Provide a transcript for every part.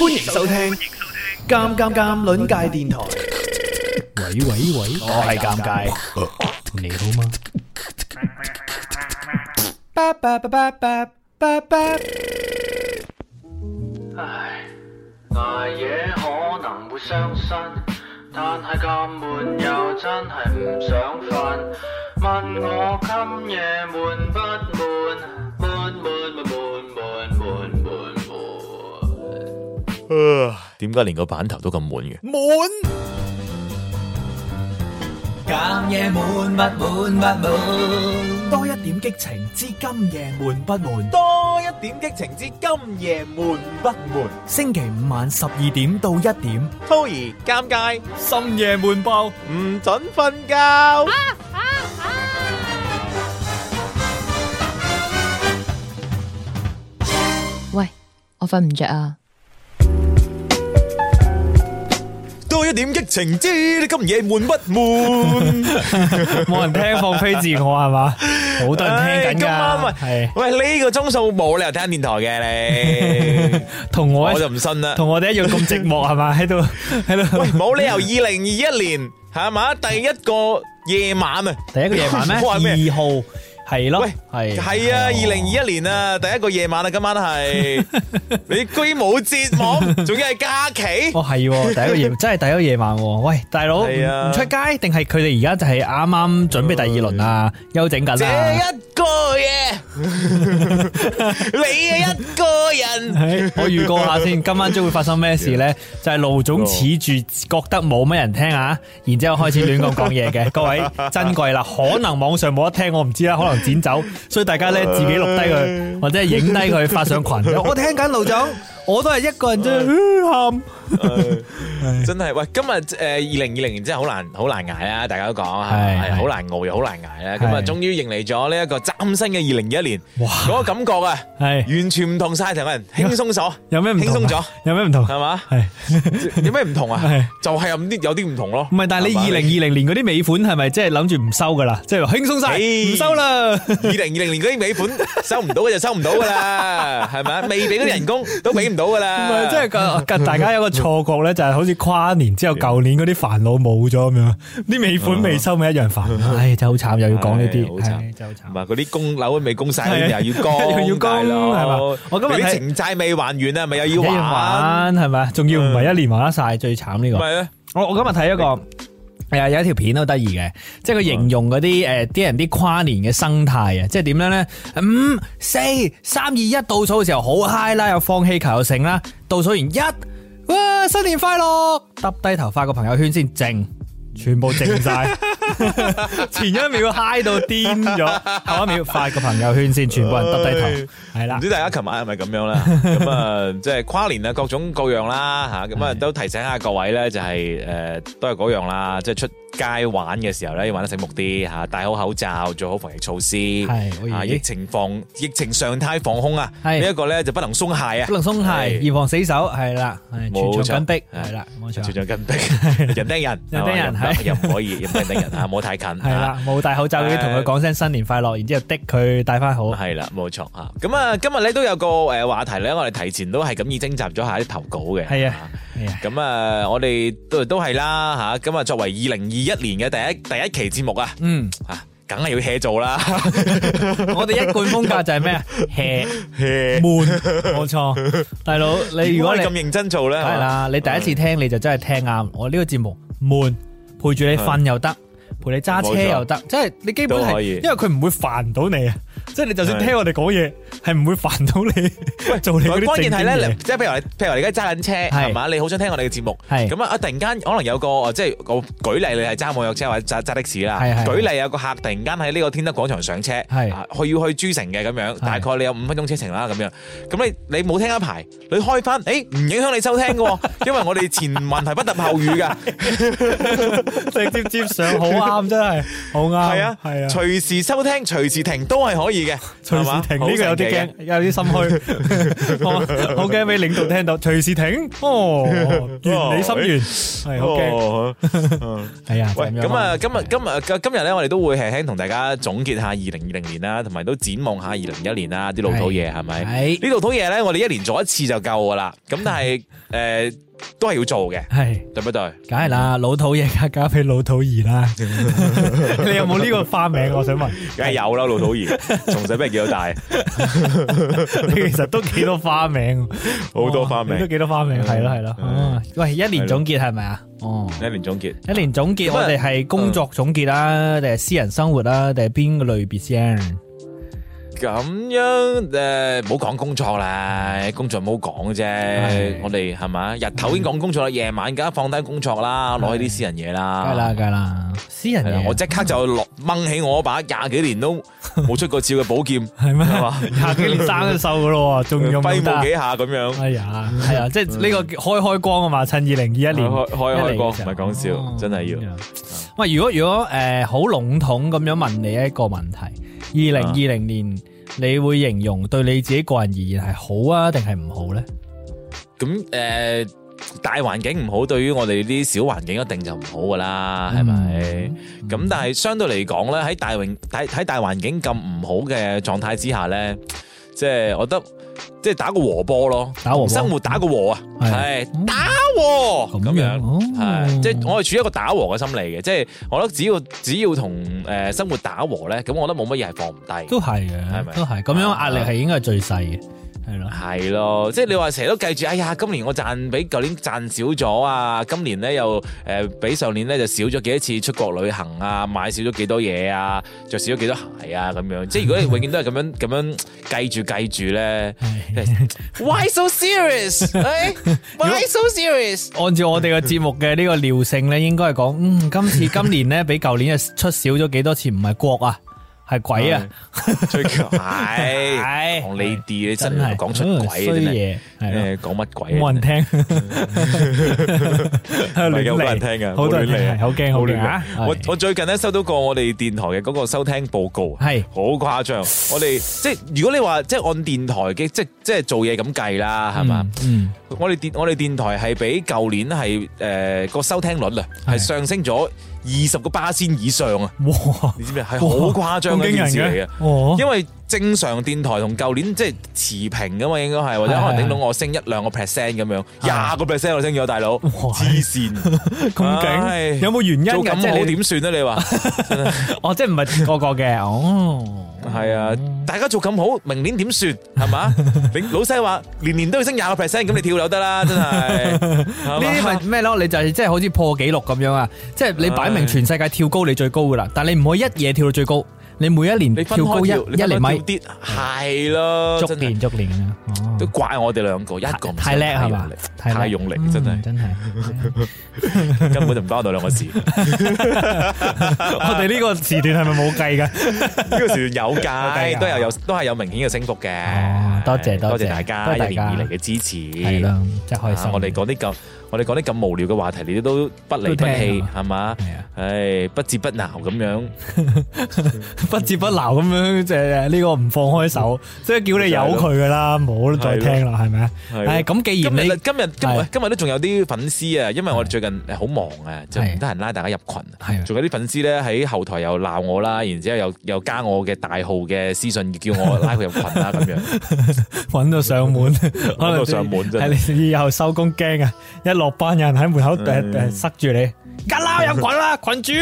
歡迎收聽《尷尷尷》輪界電台。喂喂喂，我係尷尬，你好嗎？唉，捱夜可能會傷身，但係咁悶又真係唔想瞓。問我今夜悶不悶？點解連個板頭都咁悶嘅？悶，今夜悶不悶不悶？多一點激情之今夜悶不悶？多一點激情之今夜悶不悶？星期五晚十二點到一點，濤兒尷尬，深夜悶爆，唔准瞓覺。啊啊啊！喂，我瞓唔着啊！一點疫情知你今夜悶不悶？冇人聽放飛自我係嘛？好多人聽緊噶。係喂呢個鐘數冇理由聽電台嘅你，同我我就唔信啦。同我哋一樣咁寂寞係嘛？喺度喺度，冇理由二零二一年係嘛？第一個夜晚啊，第一個夜晚咩？二號。係咯，係係啊！二零二一年啊，第一個夜晚啊，今晚係你居然冇節目，仲要係假期哦，係第一個夜，真係第一個夜晚。喂，大佬唔出街，定係佢哋而家就係啱啱準備第二輪啊，休整緊啊。一個人，你一個人，我預告下先，今晚將會發生咩事咧？就係盧總恃住覺得冇咩人聽啊，然之後開始亂咁講嘢嘅，各位珍貴啦，可能網上冇得聽，我唔知啦，可能。剪走，所以大家咧自己錄低佢。 或者係影低佢發上群。 我聽緊盧總。我都係一個人真係喊，真係喂！今日誒，二零二零年真係好難好難挨啊！大家都講係好難熬又好難挨啦。咁啊，終於迎嚟咗呢一個嶄新嘅二零二一年。哇！嗰個感覺啊，係完全唔同晒，同人輕鬆咗，有咩唔輕鬆咗？有咩唔同係嘛？係有咩唔同啊？係就係有啲有啲唔同咯。唔係，但係你二零二零年嗰啲尾款係咪即係諗住唔收噶啦？即係輕鬆晒，唔收啦！二零二零年嗰啲尾款收唔到嘅就收唔到噶啦，係咪啊？未俾嗰啲人工都俾到噶啦，唔係即係個個大家有個錯覺咧，就係好似跨年之後舊年嗰啲煩惱冇咗咁樣，啲尾款未收咪一樣煩惱，唉，就好慘，又要講呢啲，好慘，就慘，唔係嗰啲供樓都未供晒，又要供，要供咯，係嘛，我今日睇情債未還完啦，咪又要還，係咪？仲要唔係一年還得晒，最慘呢個，唔係咧，我我今日睇一個。係啊，有一條片都得意嘅，即係佢形容嗰啲誒啲人啲跨年嘅生態啊，即係點樣呢？五、四、三、二、一，倒數嘅時候好嗨啦，又放氣球又盛啦，倒數完一，哇！新年快樂，耷低頭發個朋友圈先靜，全部靜晒。 前一秒 high 到癲咗，後一秒發個朋友圈先，全部人耷低頭，係啦。唔知大家琴晚係咪咁樣啦？咁啊，即係跨年啊，各種各樣啦吓，咁啊都提醒下各位咧，就係誒，都係嗰樣啦，即係出街玩嘅時候咧，要玩得醒目啲吓，戴好口罩，做好防疫措施係。啊，疫情防，疫情常態防控啊，係呢一個咧就不能鬆懈啊，不能鬆懈，嚴防死守係啦，係。冇緊逼係啦，冇錯，冇緊逼人盯人，人盯人係，又唔可以人盯人。啊，冇太近係啦，冇戴口罩嗰啲，同佢講聲新年快樂，然之後的佢戴翻好，係啦，冇錯吓。咁啊，今日咧都有個誒話題咧，我哋提前都係咁意徵集咗下啲投稿嘅。係啊，咁啊，我哋都都係啦吓。咁啊，作為二零二一年嘅第一第一期節目啊，嗯吓，梗係要 chill 做啦。我哋一貫風格就係咩啊？chill，chill，悶，冇錯，大佬，你如果你咁認真做咧，係啦，你第一次聽你就真係聽啱。我呢個節目悶，陪住你瞓又得。陪你揸車又得，錯即係你基本係，可以，因為佢唔會煩到你啊。即係你就算聽我哋講嘢，係唔會煩到你。喂，做你關鍵係咧，即係譬如話，譬如話你而家揸緊車係嘛，你好想聽我哋嘅節目係。咁啊，啊突然間可能有個即係我舉例，你係揸網約車或者揸揸的士啦。舉例有個客突然間喺呢個天德廣場上車，係去要去珠城嘅咁樣，大概你有五分鐘車程啦咁樣。咁你你冇聽一排，你開翻誒，唔影響你收聽嘅，因為我哋前文係不搭後語噶，直接接上好啱真係，好啱係啊，係啊，隨時收聽，隨時停都係可以。嘅，隨時停呢吧個有啲驚，啊、有啲心虛，好驚俾領導聽到，隨時停，哦，你心願，係好驚，係啊，咁啊、嗯，今日今日今日咧，我哋都會輕輕同大家總結下二零二零年啦，同埋都展望下二零二一年啦，啲老土嘢係咪？呢的老土嘢咧，我哋一年做一次就夠噶啦。咁但係誒。的都係要做嘅，係對不對？梗係啦，老土嘢加加俾老土兒啦。你有冇呢個花名？我想問，梗係有啦，老土兒，從細俾人叫到大，你其實都幾多花名，好多花名，都幾多花名，係咯係咯。哦，喂，一年總結係咪啊？哦，一年總結，一年總結，我哋係工作總結啦，定係私人生活啦，定係邊個類別先？咁樣誒，唔好講工作啦，工作唔好講啫。我哋係嘛，日頭已經講工作啦，夜晚梗係放低工作啦，攞起啲私人嘢啦。係啦，係啦，私人嘢。我即刻就落掹起我一把廿幾年都冇出過鞘嘅寶劍，係咩？廿幾年生就銹咗咯，仲要揮舞幾下咁樣。係啊，係啊，即係呢個開開光啊嘛，趁二零二一年。開開開光唔係講笑，真係要。喂，如果如果誒，好籠統咁樣問你一個問題：二零二零年。你會形容對你自己個人而言係好啊，定係唔好咧？咁誒，大環境唔好，對於我哋啲小環境一定就唔好噶啦，係咪？咁但係相對嚟講咧，喺大，喺喺大環境咁唔好嘅狀態之下咧，即係我覺得即係打個和波咯，打和生活打個和啊，係打。咁哇樣係，即係、哦就是、我係處於一個打和嘅心理嘅，即、就、係、是、我諗只要只要同誒生活打和咧，咁我覺得冇乜嘢係放唔低，都係，嘅，係咪都係，咁樣壓力係應該係最細嘅。係咯，係咯， 即係你話成日都計住，哎呀，今年我賺比舊年賺少咗啊，今年咧又誒、呃、比上年咧就少咗幾多次出國旅行啊，買少咗幾多嘢啊，着少咗幾多鞋啊，咁樣，即係如果你永遠都係咁樣咁樣計住計住咧，Why so serious？Why so serious？ 按照我哋嘅節目嘅呢個尿性咧，應該係講，嗯，今次今年咧比舊年係出少咗幾多次唔係國啊。係鬼啊！最強！係係，講你啲真係講出鬼嘢，真係，講乜鬼啊？冇人聽，好亂嚟啊！好驚，好亂啊！我我最近咧收到過我哋電台嘅嗰個收聽報告，係好誇張。我哋即係如果你話即係按電台嘅即係即係做嘢咁計啦，係嘛？嗯，我哋電我哋電台係比舊年係誒個收聽率啊，係上升咗。二十個巴仙以上啊！哇，你知唔知係好誇張嘅一件事嚟嘅，因為。正常電台同舊年即係持平噶嘛，應該係，或者可能頂到我升一兩個 percent 咁樣，廿個 percent 我升咗，大佬黐線，咁勁有冇原因㗎？即係你點算啊？你話哦，即係唔係個個嘅？哦，係啊，大家做咁好，明年點算係嘛？你老細話年年都要升廿個 percent，咁你跳樓得啦，真係呢。呢啲咪咩咯？你就係即係好似破紀錄咁樣啊！即係你擺明全世界跳高你最高噶啦，但係你唔可以一夜跳到最高，你每一年跳高一釐米。啲係咯，逐年逐年啊，都怪我哋兩個，一個唔太叻係嘛，太用力真係，真係根本就唔包到兩個字。我哋呢個時段係咪冇計噶？呢個時段有價，都有有都係有明顯嘅升幅嘅。多謝多謝大家一年以嚟嘅支持，係啦，真開心。我哋講呢個。我哋講啲咁無聊嘅話題，你都都不離不棄，係嘛？係，唉，不折不撓咁樣，不折不撓咁樣，即係呢個唔放開手，即係叫你由佢噶啦，冇再聽啦，係咪？係咁，既然你今日今日今日都仲有啲粉絲啊，因為我哋最近好忙啊，就唔得閒拉大家入群。係，仲有啲粉絲咧喺後台又鬧我啦，然之後又又加我嘅大號嘅私信，叫我拉佢入群啊，咁樣搵到上門，搵到上門啫。係你以後收工驚啊，一落。六班人喺門口誒誒、嗯、塞住你。梗撈入群啦，群主，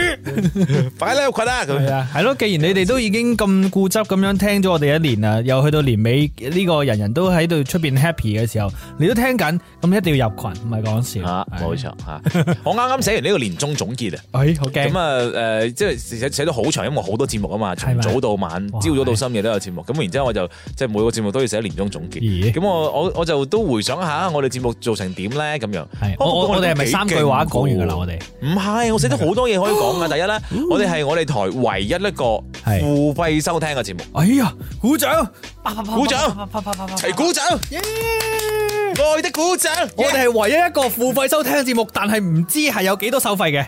快啲入群啦！咁啊，係咯。既然你哋都已經咁固執咁樣聽咗我哋一年啦，又去到年尾呢個人人都喺度出邊 happy 嘅時候，你都聽緊，咁一定要入群，唔係講笑。啊，冇錯 啊！我啱啱寫完呢個年終總結啊，係好驚。咁、呃、啊，誒，即係其實寫咗好長，因為好多節目啊嘛，從早到晚，朝嗎早到深夜都有節目。咁哇然之後我就即係的每個節目都要寫年終總結。咁咦我我我就都回想下我哋節目做成點咧？咁樣我我哋係咪三句話講完噶啦？我哋？唔係，是我寫咗好多嘢可以講㗎。哦、第一咧，哦、我哋係我哋台唯一一個付費收聽嘅節目。是哎呀，鼓掌，鼓掌，鼓掌齊鼓掌。耶。愛的鼓掌，我哋係唯一一個付費收聽嘅節目，但係唔知係有幾多收費嘅。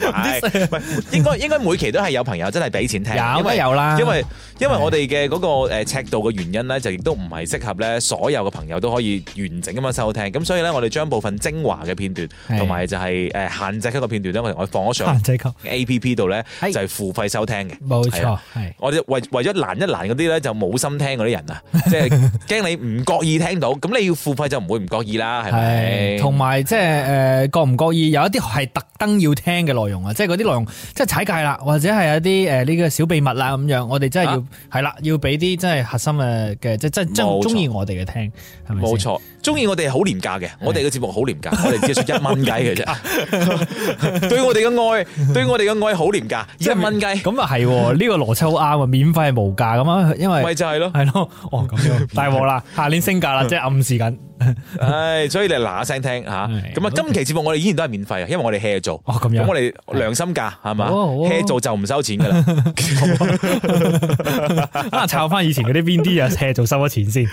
係，應該應該每期都係有朋友真係俾錢聽，有咪有啦？因為因為我哋嘅嗰個誒尺度嘅原因咧，就亦都唔係適合咧所有嘅朋友都可以完整咁樣收聽。咁所以咧，我哋將部分精華嘅片段，同埋就係誒限制級嘅片段咧，我哋放咗上 A P P 度咧，就係付費收聽嘅。冇錯，係我哋為為咗難一難嗰啲咧，就冇心聽嗰啲人啊，即係驚你唔覺意聽到咁。你要付費就唔會唔覺意啦，係咪？同埋即係誒，覺唔覺意？有一啲係特登要聽嘅內容啊，即係嗰啲內容，即係踩界啦，或者係有一啲誒呢個小秘密啦咁樣，我哋真係要係啦、啊，要俾啲真係核心誒嘅，即係真係真係中意我哋嘅聽，係咪？冇錯。中意我哋好廉價嘅，我哋嘅節目好廉價，我哋只係出一蚊雞嘅啫。對我哋嘅愛，對我哋嘅愛好廉價，一蚊雞。咁啊係，呢個邏輯好啱啊！免費係無價噶嘛，因為咪就係咯，係咯，哦咁樣大鑊啦，下年升價啦，即係暗示緊。唉，所以你嗱聲聽吓，咁啊，今期節目我哋依然都係免費啊，因為我哋 hea 做哦咁樣我哋良心價係嘛 hea 做就唔收錢噶啦，啊，抄翻以前嗰啲邊啲啊 hea 做收咗錢先。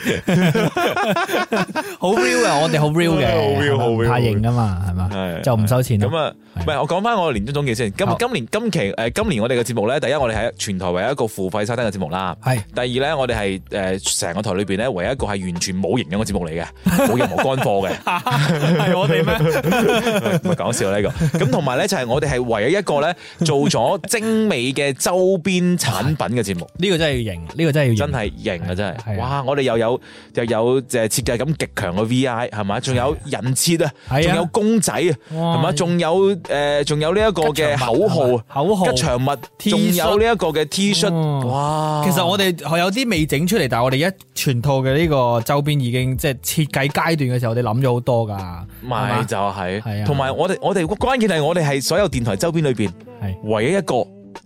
好 real 啊！我哋好 real 嘅，太型噶嘛，係嘛？就唔收錢咁啊！唔係我講翻我年終總結先。今今年今期誒，今年我哋嘅節目咧，第一我哋係全台唯一一個付費收聽嘅節目啦。係第二咧，我哋係誒成個台裏邊咧，唯一一個係完全冇型嘅個節目嚟嘅，冇任何乾貨嘅，係我哋咩？唔係講笑呢個。咁同埋咧，就係我哋係唯一一個咧做咗精美嘅周邊產品嘅節目。呢個真係要型，呢個真係要真係型啊！真係哇！我哋又有又有誒設計感極強。個 V I 係嘛，仲有人設啊，仲有公仔啊，係嘛，仲有誒，仲有呢一個嘅口號，口號吉祥物，仲有呢一個嘅 T 恤，哇！其實我哋係有啲未整出嚟，但係我哋一全套嘅呢個周邊已經即係設計階段嘅時候，我哋諗咗好多噶，咪就係，同埋我哋我哋關鍵係我哋係所有電台周邊裏邊，係唯一一個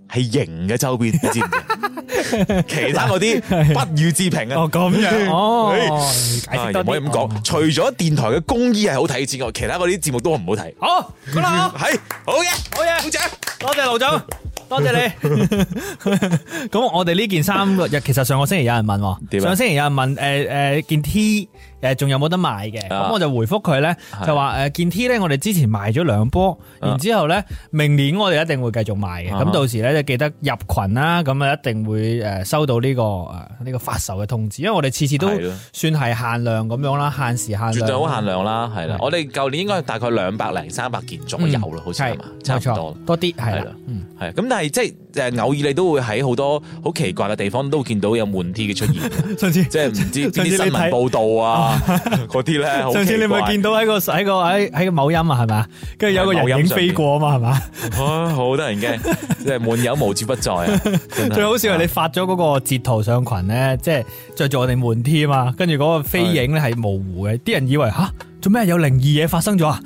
係型嘅周邊，你知唔知？其他嗰啲不予置評啊！哦，咁樣哦，解釋，唔可以咁講。除咗電台嘅工衣係好睇之外，其他嗰啲節目都唔好睇。好，好啦，係，好嘢，好嘢，多謝，多謝盧總，多謝你。咁我哋呢件衫，日其實上個星期有人問，上個星期有人問，誒誒件 T。誒，仲有冇得賣嘅？咁我就回覆佢咧，就話誒，件 T 咧，我哋之前賣咗兩波，然之後咧，明年我哋一定會繼續賣嘅。咁到時咧，就記得入群啦。咁啊，一定會誒收到呢個啊呢個發售嘅通知。因為我哋次次都算係限量咁樣啦，限時限量，絕對好限量啦，係啦。我哋舊年應該大概兩百零三百件左右咯，好似係嘛，差唔多多啲係啦。嗯，係。咁但係即係誒，偶爾你都會喺好多好奇怪嘅地方都見到有悶 T 嘅出現，即係唔知邊啲新聞報道啊。嗰啲咧，上次你咪見到喺個喺個喺喺個某音啊，係嘛，跟住有個人影飛過嘛，係嘛，啊，好得人驚，即係門友無處不在啊。最好笑係你發咗嗰個截圖上群咧，即係著住我哋門添啊，跟住嗰個飛影咧係模糊嘅，啲人以為吓做咩有靈異嘢發生咗啊，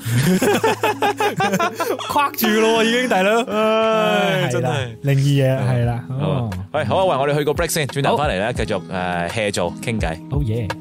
框住咯已經大佬，係真係靈異嘢係啦。喂，好啊，喂，我哋去個 break 先，轉頭翻嚟咧，繼續誒 hea 做傾偈。好嘢。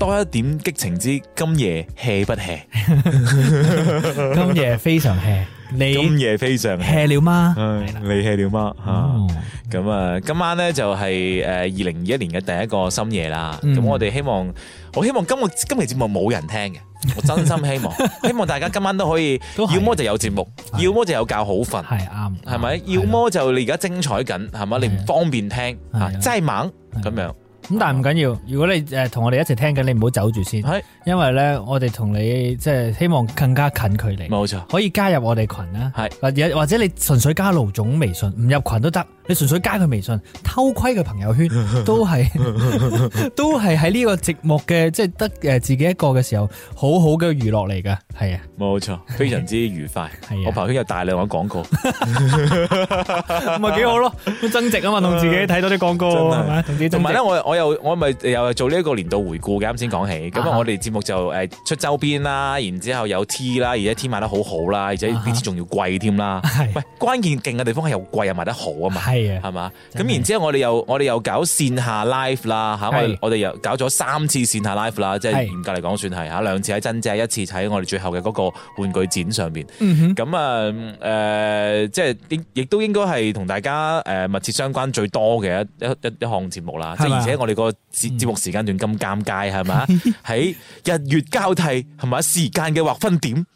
多一點激情之今夜 hea 不 hea？今夜非常 hea，你今夜非常 hea 了嗎？你 hea 了嗎？咁啊，今晚咧就係誒二零二一年嘅第一個深夜啦。咁我哋希望，我希望今個今期節目冇人聽嘅，我真心希望，希望大家今晚都可以，要麼就有節目，要麼就有覺好瞓，係啱，係咪？要麼就你而家精彩緊，係咪？你唔方便聽吓，真係猛咁樣。咁但係唔緊要，如果你誒同我哋一齊聽緊，你唔好走住先，係，因為咧我哋同你即係希望更加近距離，冇錯，可以加入我哋群啦，係，或或者你純粹加盧總微信，唔入群都得，你純粹加佢微信，偷窺佢朋友圈，都係都係喺呢個寂寞嘅即係得誒自己一個嘅時候，好好嘅娛樂嚟噶，係啊，冇錯，非常之愉快，係，我朋友圈有大量嘅廣告，咪幾好咯，增值啊嘛，同自己睇多啲廣告，同埋咧我。我又我咪又係做呢一個年度回顧嘅，啱先講起，咁我哋節目就誒出周邊啦，然之後有 T 啦，而且 T 賣，uh huh. 得好好啦，而且呢次仲要貴添啦，喂關鍵勁嘅地方係又貴又賣得好啊嘛，係啊，係嘛？咁然之後我哋又我哋又搞線下 live 啦，吓的我哋又搞咗三次線下 live 啦，即係嚴格嚟講算係吓兩次喺真姐，一次喺我哋最後嘅嗰個玩具展上邊，嗯哼、uh，咁啊誒即係亦亦都應該係同大家誒密切相關最多嘅一一一項節目啦，即係的而且。我哋個節節目時間段咁尷尬係嘛？喺 日月交替係嘛，時間嘅劃分點。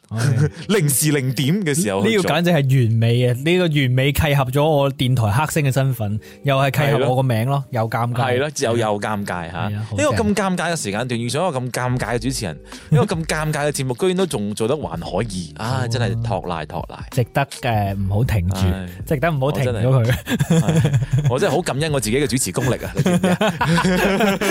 零時零點嘅時候，呢個簡直係完美嘅，呢個完美契合咗我電台黑星嘅身份，又係契合我個名咯，又尷尬係咯，又又尷尬吓，呢個咁尷尬嘅時間段，遇上一個咁尷尬嘅主持人，呢個咁尷尬嘅節目，居然都仲做得還可以，啊，真係托賴托賴，值得嘅，唔好停住，值得唔好停咗佢，我真係好感恩我自己嘅主持功力啊！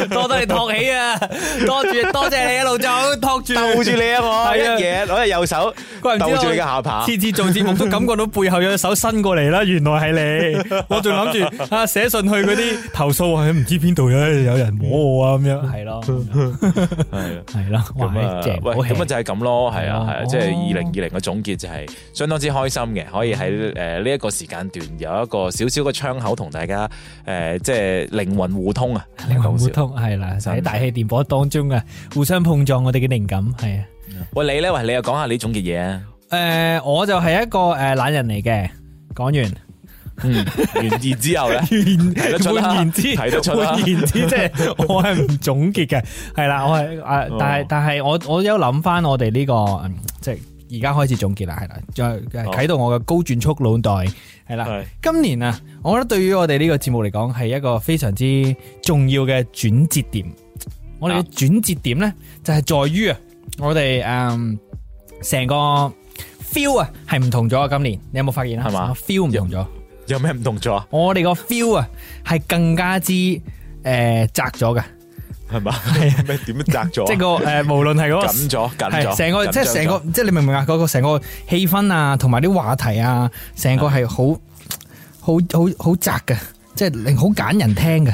多得你托起啊，多住多謝你啊，老總托住，住你啊，我嘢手怪唔住你嘅下巴，次次做節目都感覺到背後有隻手伸過嚟啦。 原來係你，我仲諗住啊，寫信去嗰啲投訴喺唔知邊度咧，有人摸我啊咁樣，係咯的，係咯，哦。咁啊，喂，咁啊就係咁咯，係啊，係啊，即係二零二零嘅總結就係相當之開心嘅，可以喺誒呢一個時間段有一個小小嘅窗口同大家誒即係靈魂互通啊，靈魂互通係啦，就喺大氣電波當中啊，互相碰撞我哋嘅靈感係啊。喂，你咧？喂，你又講下你總結嘢啊？誒，我就係一個誒懶人嚟嘅。講完，嗯，完之之後咧，換言之，換言之，即係我係唔總結嘅。係啦，我係誒，但係但係我我又諗翻我哋呢個即係而家開始總結啦，係啦，再啟動我嘅高轉速腦袋，係啦。今年啊，我覺得對於我哋呢個節目嚟講，係一個非常之重要嘅轉折點。我哋嘅轉折點咧，就係在於啊。我哋誒，成個 feel 啊，係唔同咗啊！今年你有冇發現啊？係嘛嗎，feel 唔同咗，有咩唔同咗啊？我哋個 feel 啊，係更加之誒、呃、窄咗嘅，係嘛？係啊，咩點樣窄咗？ 即係個誒、呃，無論係嗰個緊咗緊咗，成個即係成個，個即係你明唔明啊？嗰、那個成個氣氛啊，同埋啲話題啊，成個係的好好好好窄嘅，即係令好揀人聽嘅。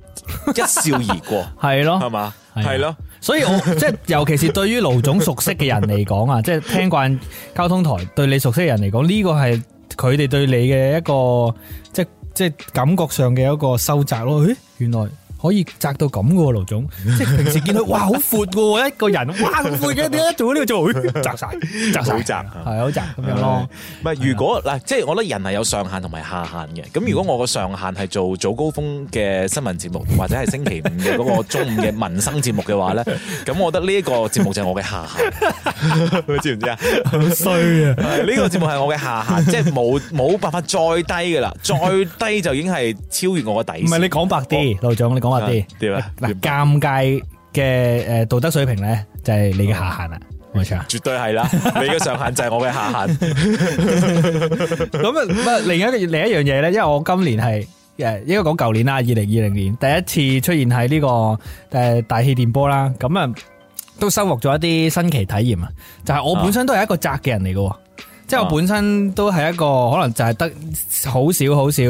一笑而過，係 咯，係嘛吧，係咯，咯所以我即係，尤其是對於盧總熟悉嘅人嚟講啊，即係 聽慣交通台，對你熟悉嘅人嚟講，呢個係佢哋對你嘅一個，即係即係感覺上嘅一個收窄咯。誒，原來。可以窄到咁嘅喎，盧總，即係平時見佢哇好闊嘅喎，一個人哇咁闊嘅，點解做喺呢個座位？窄曬，窄曬，好窄，係好窄咁樣咯。唔係如果嗱，即係我覺得人係有上限同埋下限嘅。咁如果我個上限係做早高峰嘅新聞節目，或者係星期五嘅嗰個中午嘅民生節目嘅話咧，咁我覺得呢一個節目就係我嘅下限，知唔知啊？好衰啊！呢個節目係我嘅下限，即係冇冇辦法再低嘅啦，再低就已經係超越我嘅底線。唔係你講白啲，盧總，你講。啲點啊？嗱，尷尬嘅誒道德水平咧，就係、是、你嘅下限，嗯、啦，冇錯，絕對係啦。你嘅上限就係我嘅下限。 咁啊，唔係另一另一樣嘢咧，因為我今年係誒，應該講舊年啦，二零二零年第一次出現喺呢個誒大氣電波啦。咁、嗯、啊，都收穫咗一啲新奇體驗啊。就係、是、我本身都係一個宅嘅人嚟嘅。啊啊即係我本身都係一個可能就係得好少好少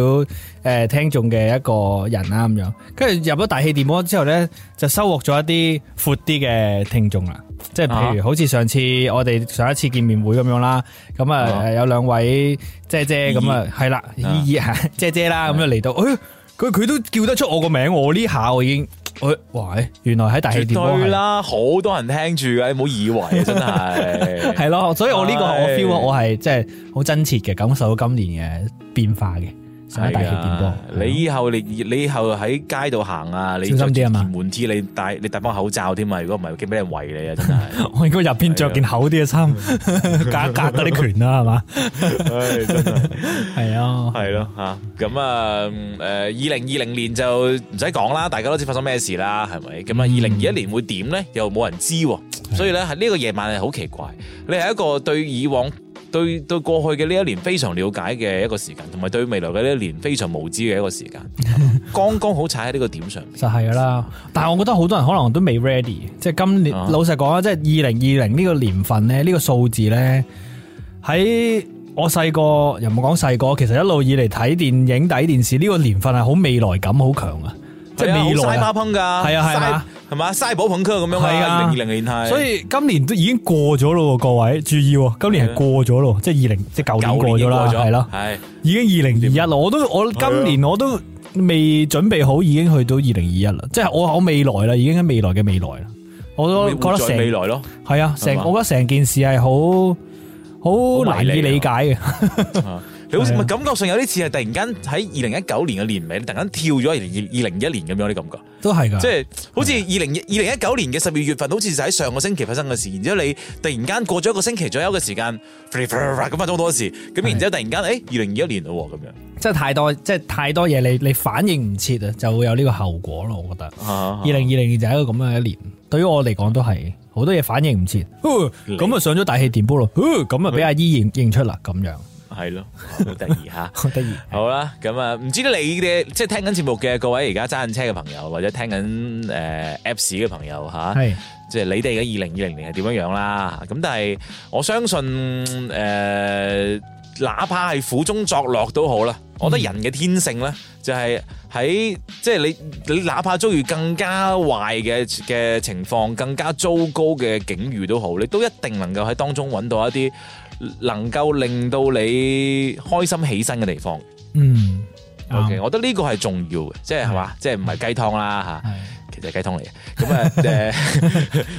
誒聽眾嘅一個人啦咁樣，跟住入咗大器電波之後咧，就收穫咗一啲闊啲嘅聽眾啦。即係譬如好似上次我哋上一次見面會咁樣啦，咁啊有兩位姐姐咁啊係啦，姨姨啊，就啊 姐姐啦咁啊嚟到。哎佢佢都叫得出我個名，我呢下我已經，誒，原來喺大氣電波，對啦，好多人聽住嘅，你唔好以為啊，真係，係咯，所以我呢個我 feel 我係即係好真切嘅感受到今年嘅變化嘅。係啊！你以後你你以後喺街度行啊，你着件滿貼，你戴你戴翻口罩添嘛？如果唔係，驚俾人圍你啊！真係，我應該入邊着件厚啲嘅衫，加加多啲拳啦，係嘛？係真係，係啊，係咯吓。咁啊，誒，二零二零年就唔使講啦，大家都知發生咩事啦，係咪？咁啊，二零二一年會點咧？又冇人知，所以咧，喺呢個夜晚係好奇怪。你係一個對以往。對對過去嘅呢一年非常了解嘅一個時間，同埋對未來嘅呢一年非常無知嘅一個時間，剛剛 好踩喺呢個點上。就係啦，但係我覺得好多人可能都未 ready，即係今年老實講啊，即係二零二零呢個年份呢，呢個數字呢，喺我細個又冇講細個，其實一路以嚟睇電影、睇電視，呢個年份係好未來感好強啊。即係好嘥爆捧㗎，係啊，係啊，係咪嘥爆捧佢咁樣，係啊。二零二零年係，所以今年都已經過咗咯，各位注意，今年係過咗咯，即係二零，即係舊年過咗啦，係咯，係已經二零二一啦。我都我今年我都未準備好，已經去到二零二一啦。即係我我未來啦，已經係未來嘅未來啦。我都覺得成未來咯，係啊，成我覺得成件事係好好難以理解嘅。感覺上有啲似係突然間喺二零一九年嘅年尾，突然間跳咗二零二一年咁樣啲感覺，都係噶，即係好似二零二零一九年嘅十二月份，好似就喺上個星期發生嘅事，然之後你突然間過咗一個星期左右嘅時間，咁發好多事，咁然之後突然間誒二零二一年咯，咁樣，即係太多，即係太多嘢，你你反應唔切啊，就會有呢個後果咯，我覺得。二零二零年就係一個咁樣嘅一年，對於我嚟講都係，好多嘢反應唔切，咁啊上咗大氣電波咯，咁啊俾阿姨認認出啦，咁樣。係咯， 趣 好得意吓， 好得意。好啦，咁啊，唔知你哋即係聽緊節目嘅各位，而家揸緊車嘅朋友，或者聽緊誒 Apps 嘅朋友吓，係即係你哋嘅二零二零年係點樣樣啦。咁但係我相信誒。呃哪怕係苦中作樂都好啦，嗯、我覺得人嘅天性咧，就係喺即係你你哪怕遭遇更加壞嘅嘅情況，更加糟糕嘅境遇都好，你都一定能夠喺當中揾到一啲能夠令到你開心起身嘅地方。嗯，OK，嗯我覺得呢個係重要嘅，即係係嘛，即係唔係雞湯啦嚇。嗯，係其實係雞湯嚟嘅，咁啊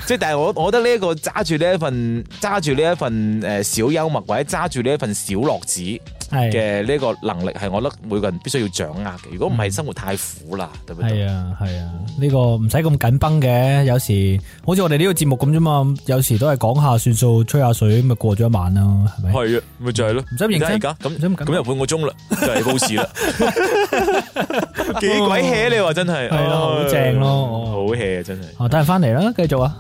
誒，即係但係我我覺得呢一個揸住呢一份揸住呢一份誒小幽默，或者揸住呢一份小樂子。嘅呢個能力係我覺得每個人必須要掌握嘅，如果唔係生活太苦啦，對唔對？係啊，係啊，呢個唔使咁緊繃嘅，有時好似我哋呢個節目咁啫嘛，有時都係講下算數，吹下水，咪過咗一晚咯，係咪？係啊，咪就係咯，唔使認真。而家咁咁咁又半個鐘啦，就係好事啦，幾鬼 hea 你話真係，係咯，好正咯，好 hea 真係。哦，等人翻嚟啦，繼續啊！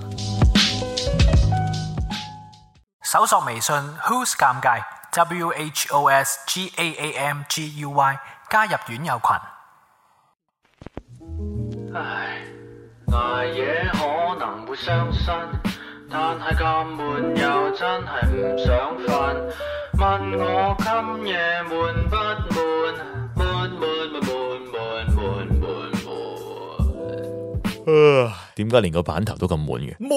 搜索微信，Who's 尷尬？W H O S G A A M G U Y 加入院友群。唉，捱夜可能會傷身，但係咁悶又真係唔想瞓。問我今夜悶不悶？悶悶悶悶悶悶悶。啊，點解連個版頭都咁悶嘅？悶！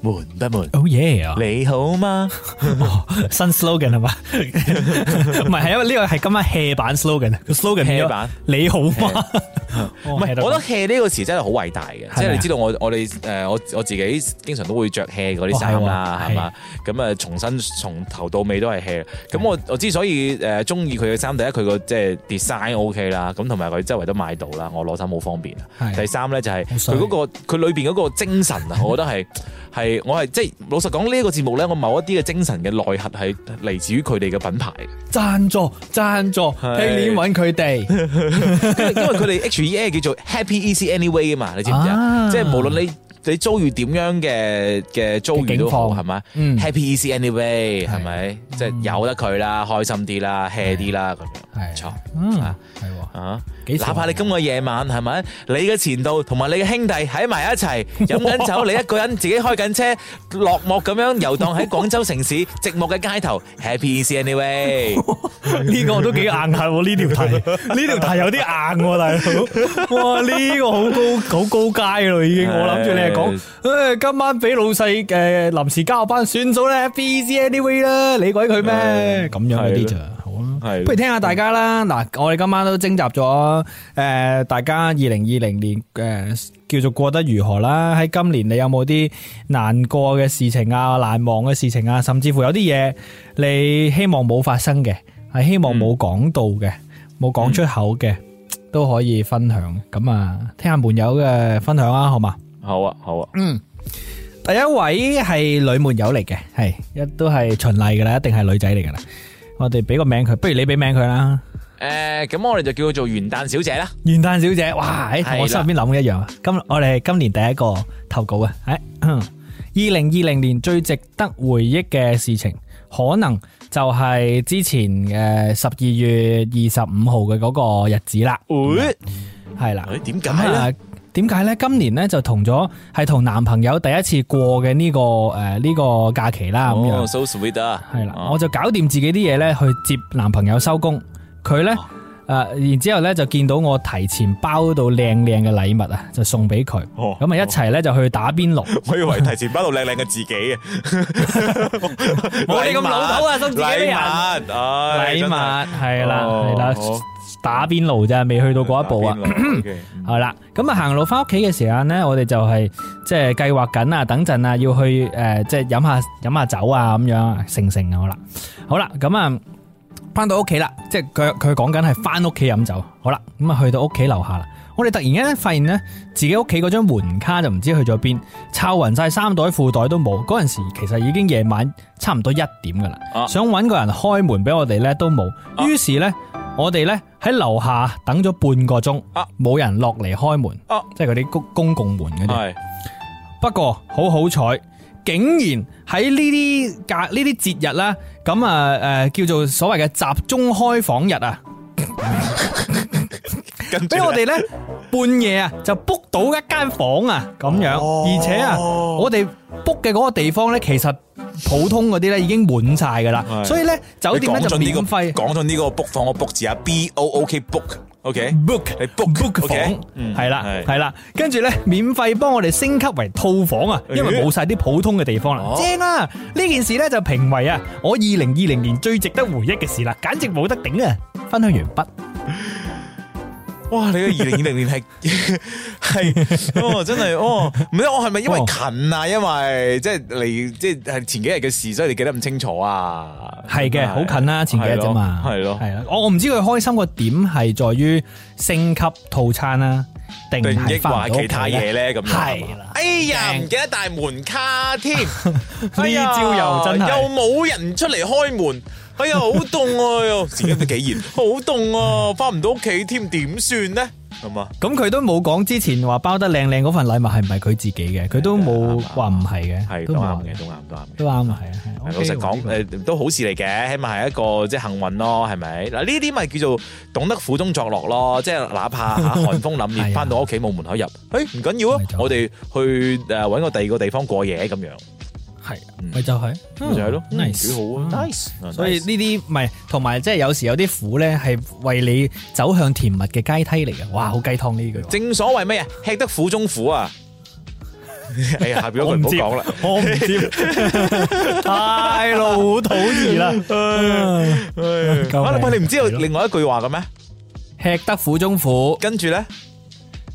悶唔悶？Oh yeah，你好嗎？新 slogan 係嘛？唔係，係因為呢個係今晚 hea 版 slogan。slogan hea 版你好嗎？唔係，我覺得 hea 呢個詞真係好偉大嘅，即係你知道我我哋誒我我自己經常都會着 hea 嗰啲衫啦，係嘛？咁啊，重新從頭到尾都係 hea 咁我我之所以誒中意佢嘅衫，第一佢個即係 design O K 啦，咁同埋佢周圍都買到啦，我攞衫好方便。第三咧就係佢嗰個佢裏邊嗰個精神啊，我覺得係。係，我係即係老實講呢一個節目咧，我某一啲嘅精神嘅內核係嚟自於佢哋嘅品牌嘅贊助，贊助聽年揾佢哋，因為佢哋 HEA 叫做 Happy Easy Anyway 啊嘛，你知唔知啊即？即係無論你你遭遇點樣嘅嘅遭遇都好，係咪 Happy Easy Anyway 係咪的？即係由得佢啦，開心啲啦，hea 啲啦，咁樣係唔錯，嗯，係喎 哪怕你今日夜晚係咪？你嘅前度同埋你嘅兄弟喺埋一齊飲緊酒，你一個人自己開緊車，落寞咁樣遊蕩喺廣州城市寂寞嘅街頭。 Happy anyway，呢 個都幾硬下喎，呢、這、條、個、題，呢條 題有啲硬喎大佬。哇，呢、這個好高好高階咯已經。 我諗住你係講，誒、呃、今晚俾老細誒臨時加班，算咗咧，Happy anyway 啦，你鬼佢咩？咁、 嗯、樣嗰啲就。 不如聽下大家啦，嗱，我哋今晚都徵集咗誒，大家二零二零年誒叫做過得如何啦？喺今年你有冇啲難過嘅事情啊、難忘嘅事情啊，甚至乎有啲嘢你希望冇發生嘅，係希望冇講到嘅、冇講出口嘅，都可以分享。咁啊，聽下網友嘅分享啦，好嘛？好啊，好啊。嗯，第一位係女網友嚟嘅，係一都係循例噶啦，一定係女仔嚟噶啦。我哋俾個名佢，不如你俾名佢啦。誒、呃，咁我哋就叫佢做元旦小姐啦。元旦小姐，哇！喺、哎、我心入邊諗一樣，的今我哋今年第一個投稿啊。喺二零二零年最值得回憶嘅事情，可能就係之前誒十二月二十五號嘅嗰個日子啦。會係啦？誒、嗯，點解咧？哎點解咧？今年咧，就同咗係同男朋友第一次過嘅呢個誒呢個假期啦。哦，so sweet 啊！係啦，我就搞掂自己啲嘢咧，去接男朋友收工。佢咧誒，然之後咧，就見到我提前包到靚靚嘅禮物啊，就送俾佢。咁啊一齊咧，就去打邊爐。我以為提前包到靚靚嘅自己啊！冇你咁老豆啊，送自己啲人禮物，禮物係啦係啦。打邊爐咋，未去到嗰一步啊！係啦 Okay.，咁啊行路翻屋企嘅時間咧，我哋就係即係計劃緊啊，等陣啊要去誒，即係飲下飲下酒啊，咁樣成成啊，好啦，好啦，咁啊翻到屋企啦，即係佢佢講緊係翻屋企飲酒，好啦，咁、嗯、啊去到屋企樓下啦，我哋突然間發現咧，自己屋企嗰張門卡就唔知去咗邊，抄勻晒衫袋褲袋都冇，嗰陣時其實已經夜晚差唔多一點噶啦，想搵個人開門俾我哋咧都冇，於是咧。我哋咧喺樓下等咗半個鐘，冇人落嚟開門，即係嗰啲公公共門嗰啲。不過好好彩，竟然喺呢啲假呢啲節日咧，咁啊誒叫做所謂嘅集中開房日啊！俾我哋咧半夜啊就 book 到一間房啊咁樣，而且啊我哋 book 嘅嗰個地方咧，其實普通嗰啲咧已經滿晒噶啦，所以咧酒店咧就免費。講咗呢個 book 房個 book 字啊，B O O K book，OK book，你 book book 房，係啦係啦，跟住咧免費幫我哋升級為套房啊，因為冇晒啲普通嘅地方啦。正啊！呢件事咧就評為啊我二零二零年最值得回憶嘅事啦，簡直冇得頂啊！分享完畢。哇！你個二零二零年係係哦，真係哦，唔知我係咪因為近啊，因為即係嚟即係前幾日嘅事，所以你記得咁清楚啊？係嘅，好近啦，前幾日啫嘛，係咯，係啊。我我唔知佢開心個點係在於升級套餐啦，定係話其他嘢咧？咁係，哎呀，唔記得帶門卡添，呢招又真係又冇人出嚟開門。哎呀，好凍啊！又成日都幾熱，好凍啊！翻唔到屋企添，點算呢？咁啊，咁佢都冇講之前話包得靚靚嗰份禮物係唔係佢自己嘅？佢都冇話唔係嘅，係都啱嘅，都啱，都啱，都啱啊！係啊係，老實講，誒，都好事嚟嘅，起碼係一個即係幸運咯，係咪？嗱呢啲咪叫做懂得苦中作樂咯，即係哪怕寒風凜冽，翻到屋企冇門口入，誒唔緊要啊，我哋去誒搵個第二個地方過夜咁樣。係，咪就係咪就係咯，nice，幾好啊，nice。所以呢啲咪同埋即係有時有啲苦咧，係為你走向甜蜜嘅階梯嚟嘅。哇，好雞湯呢句，正所謂咩啊？吃得苦中苦啊！哎，你下邊嗰句唔好講啦，我唔知，太老土而啦。喂你唔知道另外一句話嘅咩？吃得苦中苦，跟住咧。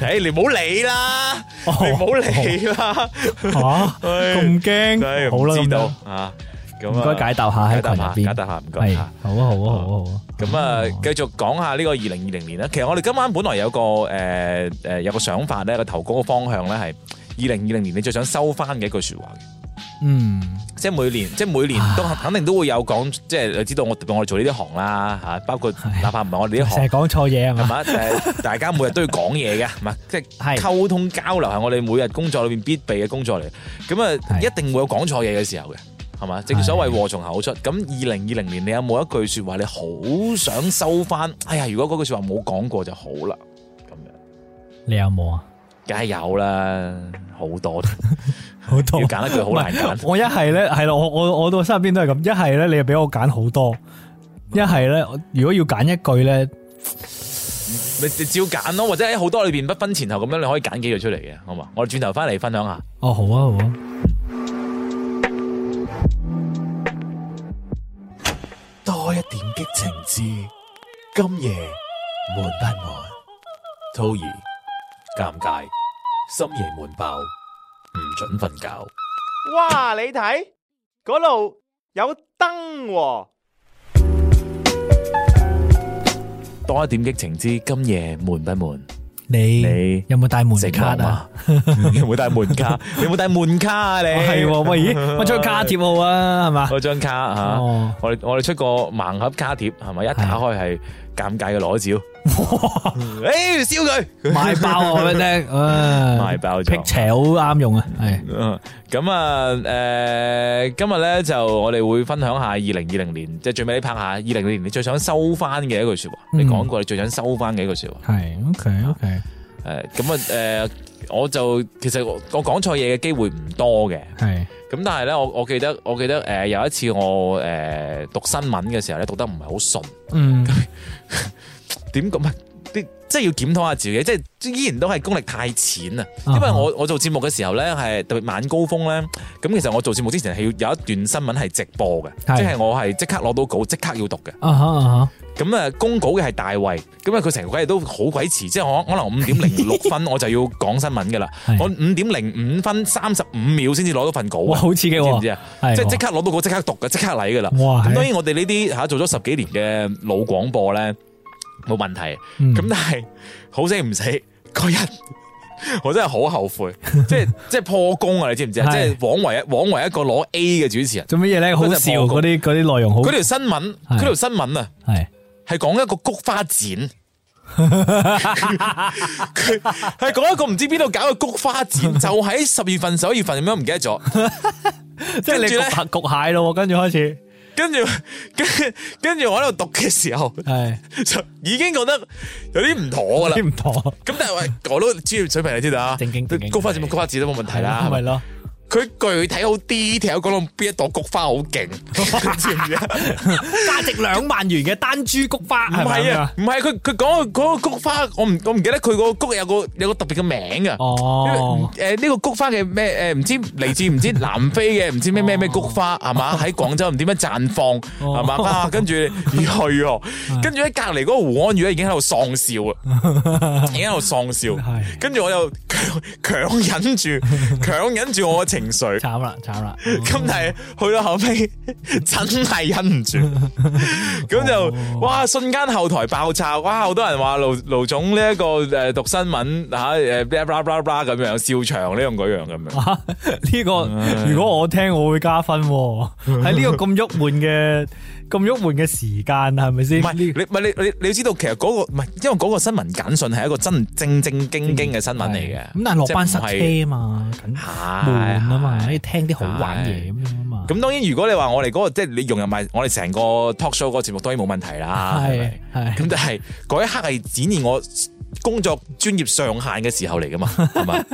誒，你唔好理啦，你唔好理啦，吓咁驚，好啦，知道啊，咁唔該解答下，解答下，解答下，唔該吓，好好好好，咁啊，繼續講下呢個二零二零年啦。其實我哋今晚本來有個誒誒有個想法咧，個投稿方向咧係二零二零年，你最想收翻嘅一句說話。嗯，即係每年，即係每年都、啊、肯定都會有講，即係你知道我我哋做呢啲行啦吓，包括哪怕唔係我哋啲行，成日講錯嘢係嘛？呃、 大家每日都要講嘢嘅，係嘛？即係溝通交流係我哋每日工作裏邊必備嘅工作嚟，咁啊一定會有講錯嘢嘅時候嘅，係嘛，正所謂禍從口出，咁二零二零年你有冇一句說話你好想收翻？哎呀，如果嗰句說話冇講過就好啦，咁樣，你有冇啊？梗係有啦，好多好 多。要揀一句好難揀。 我一係咧，係咯，我我我到身邊都係咁。一係咧，你又俾我揀好多。一係咧，如果要揀一句咧，咪照揀咯。或者喺好多裏邊不分前後咁樣，你可以揀幾句出嚟嘅，好嘛？我哋轉頭翻嚟分享下。哦，好啊，好啊。好啊，多一點激情之，知今夜悶不安，突然。尷尬，深夜悶爆，唔准瞓覺。哇，你睇嗰度有燈喎。多一點激情之，今夜悶不悶？你你有冇帶門匙卡啊？有冇帶門卡？有冇帶門卡啊？你係，我咦？我出個卡貼好啊？係咪？嗰張卡吓，我我哋出個盲盒卡貼，係咪？一打開係。尷尬嘅攞照，哇！誒，燒佢賣爆我俾你聽，賣爆，辟邪好啱用啊，係。嗯，咁啊，誒，今日咧就我哋會分享下二零二零年，即係最尾拍下二零二零年，你最想收翻嘅一句說話，你講過你最想收翻嘅一句說話，係，OK，OK，誒，咁啊，誒。我就其實我我講錯嘢嘅機會唔多嘅，係咁是，但係咧，我我記得我記得誒、呃、有一次我誒、呃、讀新聞嘅時候咧，讀得唔係好順，點咁啊？但是 即係要檢討下自己，即係依然都係功力太淺啊！因為我我做節目嘅時候咧，係特別晚高峰咧，咁其實我做節目之前係要有一段新聞係直播嘅，是即係我係即刻攞到稿，即刻要讀嘅。啊哈啊哈，咁啊，公稿嘅係大衛，咁啊佢成個鬼都好鬼遲，即係我可能五點零六分 我就要講新聞嘅啦。是我五點零五分三十五秒先至攞到份稿啊！好似嘅，喎，知唔知啊？即係即刻攞到稿，即刻讀嘅，即刻嚟嘅啦。咁哇當然我哋呢啲嚇做咗十幾年嘅老廣播咧。冇問題，咁但係、嗯、好死唔死，嗰日我真係好後悔，即係即係破功啊！你知唔知啊？是即係枉為一枉為一個攞 A 嘅主持人。做乜嘢咧？好笑，嗰啲嗰啲內容好。嗰條新聞，嗰條新聞啊，係係講一個菊花展，係講 一個唔知邊度搞嘅菊花展， 就喺十月份十一月份咁樣，唔記得咗。 即係你焗蟹咯，跟住開始。跟住，跟跟住我喺度讀嘅時候，係就已經覺得有啲唔妥噶啦。啲唔妥。咁但係我都專業水平你知道啊。正經正經，高花字冇高花字都冇問題啦，啊。咪咯。佢具體好 detail，聽佢講到邊一朵菊花好勁，知唔知？價值兩萬元嘅單株菊花，唔係啊，唔係佢佢講嗰個菊花，我唔我唔記得佢個菊有個有個特別嘅名噶。哦、oh. 呃，誒、這、呢個菊花嘅咩誒唔知嚟自唔知南非嘅唔知咩咩咩菊花係嘛？喺廣州唔點樣綻放係嘛、oh.？跟住係啊，跟住喺隔籬嗰個胡安宇已經喺度喪笑啦，已經喺度喪笑，跟住我又強強忍住，強忍住我。情緒慘啦慘啦，咁 但係去到後尾，真係忍唔住，咁 就哇瞬間後台爆炸。哇，好多人話盧盧總呢、這、一個誒讀新聞吓誒 b 咁樣、啊、這個、笑場呢樣嗰樣咁樣，呢個如果我聽我會加分喎、啊，喺呢個咁鬱悶嘅。 咁鬱悶嘅時間係咪先？唔係你，唔係你，你你，你知道其實嗰、嗰個唔係，因為嗰個新聞簡訊係一個真正正經經嘅新聞嚟嘅。咁但係落班塞車啊嘛，梗、啊、悶啊嘛，要、啊、聽啲好玩嘢咁樣啊嘛。咁當然如果你話我哋嗰、嗰個即係、就是、你融入埋我哋成個 talk show 個節目，當然冇問題啦。係係。咁但係嗰一刻係展現我。工作專業上限嘅時候嚟噶嘛，係嘛？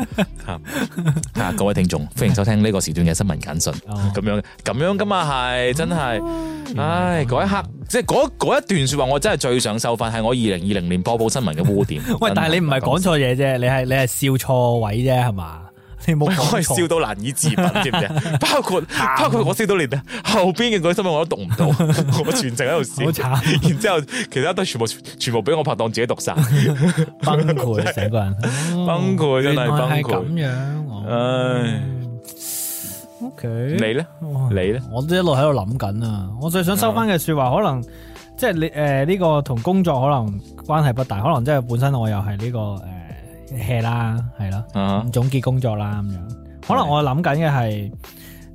吓各位聽眾，歡迎收聽呢個時段嘅新聞簡訊，咁、oh. 樣咁樣噶嘛係真係，oh. 唉，嗰一刻即係嗰一段說話，我真係最想受訓，係我二零二零年播報新聞嘅污點。 喂，的但係你唔係講錯嘢啫，你係你係笑錯位啫，係嘛？你冇講，我係笑到難以自拔，知唔知？包括包括我笑到你後邊嘅嗰啲新聞我都讀唔到，我全程喺度笑。好慘！然之後，其他都全部全部俾我拍檔自己讀晒，崩潰，成個人崩潰真係崩潰。咁樣。唉。O K，你咧？你咧？我都一路喺度諗緊啊！我最想收翻嘅說話，可能即係你誒，呢個同工作可能關係不大，可能即係本身我又係呢個誒。hea 啦，係咯，uh huh。總結工作啦咁樣，可能我諗緊嘅係，對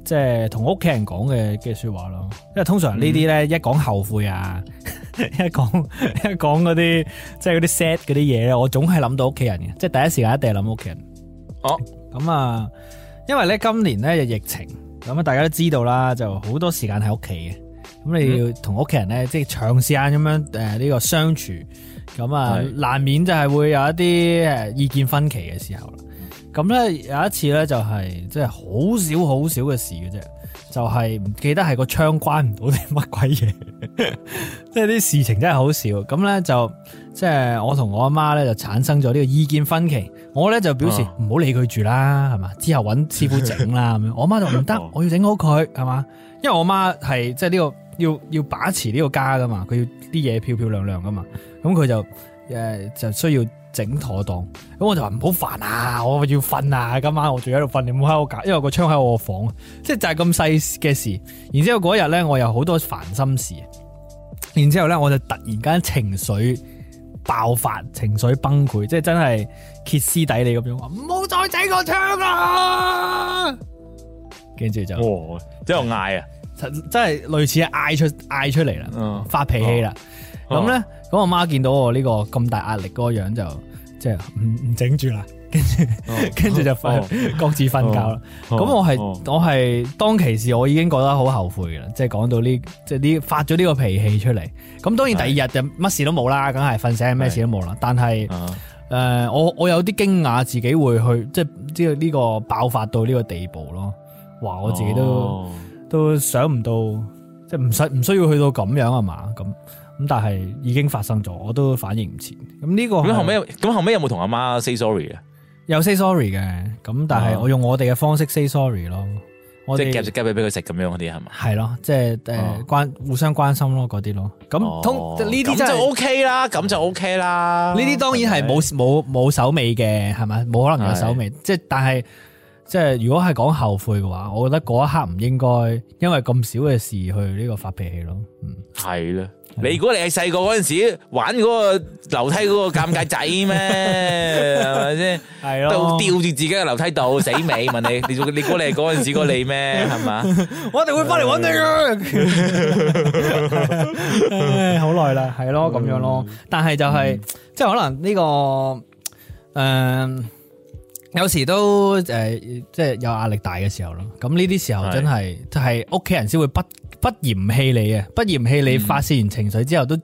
即係同屋企人講嘅嘅說話咯。因為通常呢啲咧，嗯、一講後悔啊，一講一講嗰啲，即係嗰啲 sad 嗰啲嘢咧，我總係諗到屋企人嘅，即係第一時間一定係諗屋企人。哦，咁啊，因為咧今年咧疫情，咁啊大家都知道啦，就好多時間喺屋企嘅，咁你要同屋企人咧，即係、嗯、長時間咁樣誒呢、呃這個相處。咁啊，難免就係會有一啲誒意見分歧嘅時候。咁咧有一次咧就係即係好少好少嘅事嘅啫，就係、是、唔、就是、記得係個窗關唔到定乜鬼嘢，即係啲事情真係好少。咁咧就即係、就是、我同我阿媽咧就產生咗呢個意見分歧。我咧就表示唔好、嗯、理佢住啦，係嘛，之後揾師傅整啦咁樣。 我媽就唔得，嗯、我要整好佢，係嘛，因為我媽係即係呢個。要要把持呢個家噶嘛，佢要啲嘢漂漂亮亮噶嘛，咁佢就誒、呃、就需要整妥當。咁我就話唔好煩啊，我要瞓啊，今晚我仲喺度瞓，你唔好喺我隔，因為個窗喺我房，即係就係咁細嘅事。然之後嗰日咧，我有好多煩心事，然之後咧，我就突然間情緒爆發，情緒崩潰，即係真係歇斯底里咁樣話，唔好再整個窗啊！跟住就即係嗌啊！哦真係類似嗌出嗌出嚟啦，發脾氣啦。咁咧、哦，咁、哦、我媽見到我呢個咁大壓力嗰個樣就，就即係唔唔整住啦。跟住、哦、 跟住就、哦、各自瞓覺啦。咁、哦、我係、哦、我係當其時我已經覺得好後悔噶啦，即係講到呢即係呢發咗呢個脾氣出嚟。咁當然第二日就乜事都冇啦，梗係瞓醒咩事都冇啦。但係誒，我我有啲驚訝自己會去即係知道呢個爆發到呢個地步咯。話我自己都。哦哦都想唔到，即係唔需唔需要去到咁樣啊嘛？咁咁，但係已經發生咗，我都反應唔前。咁呢個咁後尾咁後尾有冇同阿媽 say sorry 嘅？有 say sorry 嘅，咁但係我用我哋嘅方式 say sorry 咯。我即係夾隻雞髀俾佢食咁樣嗰啲係嘛？係咯，即係誒、啊、關互相關心咯，嗰啲咯。咁通呢啲就 OK、是、啦，咁就 OK 啦。呢啲當然係冇冇冇手尾嘅，係咪的？冇可能有手尾，即係的但係。即係如果係講後悔嘅話，我覺得嗰一刻唔應該因為咁少嘅事去呢個發脾氣咯。嗯，係啦。你估你係細個嗰陣時玩嗰個樓梯嗰個尷尬仔咩？係咪先？係咯。吊住自己嘅樓梯度死未？問你， 你估你係嗰陣時過你咩？係嘛？ 我一定會翻嚟揾你嘅。唉，好耐啦，係咯，咁樣咯。但係就係、係、即係可能呢、呢個誒。呃有時都誒，即係有壓力大嘅時候咯。咁呢啲時候真係，就係屋企人先會不不嫌棄你嘅，不嫌棄你，嫌棄你發洩完情緒之後，都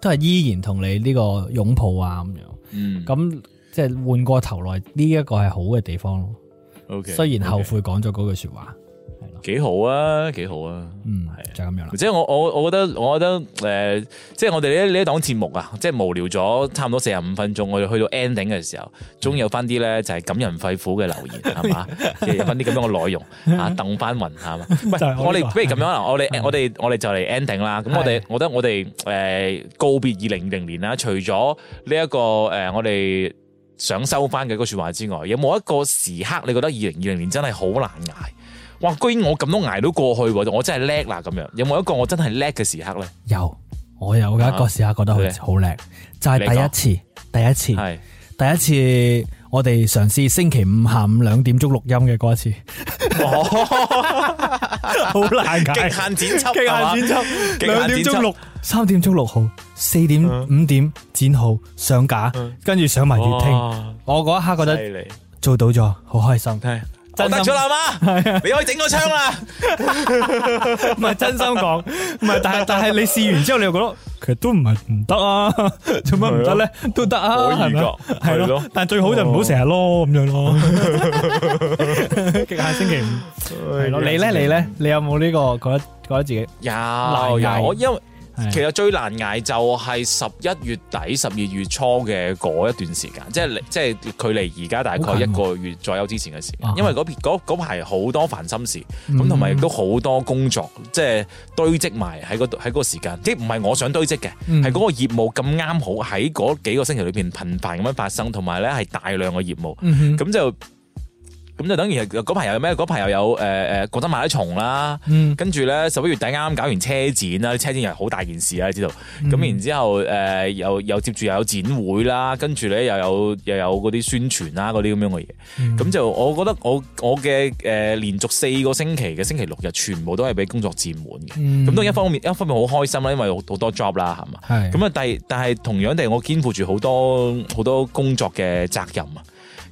都係依然同你呢個擁抱啊咁樣。嗯，咁即係換過頭來，呢、這、一個係好嘅地方咯。OK，雖然後悔講咗嗰句說話。Okay, okay. 幾好啊，幾好啊，嗯係、啊、就咁樣啦，呃就是，即係我、 啊、 我我覺得我覺得誒，即係我哋呢呢一檔節目啊，即係無聊咗差唔多四十五分鐘，我哋去到 ending 嘅時候，終於有翻啲咧就係感人肺腑嘅留言係嘛，即係分啲咁樣嘅內容吓，鄧翻雲吓嘛，我哋不如咁樣啦，我哋我哋我哋就嚟 ending 啦，咁我哋我覺得我哋誒告別二零二零年啦，除咗呢一個誒我哋想收翻嘅嗰說話之外，有冇一個時刻你覺得二零二零年真係好難挨？哇！居然我咁都挨到過去，我真係叻啦咁樣。有冇一個我真係叻嘅時刻咧？有，我有一個時刻覺得好叻，就係第一次，第一次係第一次我哋嘗試星期五下午兩點鐘錄音嘅嗰一次。好難解極限剪輯，極限剪輯，兩點鐘錄，三點鐘錄好，四點五點剪好上架，跟住上埋嚟聽。我嗰一刻覺得做到咗，好開心。就得咗啦嘛，係啊，你可以整個槍啦。唔係真心講，唔係但係但係你試完之後，你又覺得其實都唔係唔得啊？做乜唔得咧？都得啊，係咪？係咯，但係最好就唔好成日囉咁樣咯。極下星期五，係咯？你咧？你咧？你有冇呢個？覺得覺得自己有有，因為。其實最難捱就係十一月底、十二月初嘅嗰一段時間，即係即係距離而家大概一個月左右之前嘅時間，因為嗰排好多煩心事，咁同埋都好多工作，即係堆積埋喺嗰度喺嗰個時間，即唔係我想堆積嘅，係嗰、嗯、個業務咁啱好喺嗰幾個星期裏邊頻繁咁樣發生，同埋呢係大量嘅業務，咁、嗯、哼就。咁就等於嗰排又有咩？嗰排又有誒誒，廣州馬拉松啦，嗯、跟住咧，十一月底啱搞完車展啦，車展又係好大件事啊，你知道？咁、嗯、然之後誒、呃，又又接住又有展會啦，跟住咧，又有又有嗰啲宣傳啦，嗰啲咁樣嘅嘢。咁、嗯、就我覺得我我嘅誒、呃，連續四個星期嘅星期六日，全部都係俾工作佔滿嘅。咁、嗯、都一方面，一方面好開心啦，因為好多 job 啦，係嘛？咁啊，是，但但係同樣地，我肩負住好多好多工作嘅責任啊。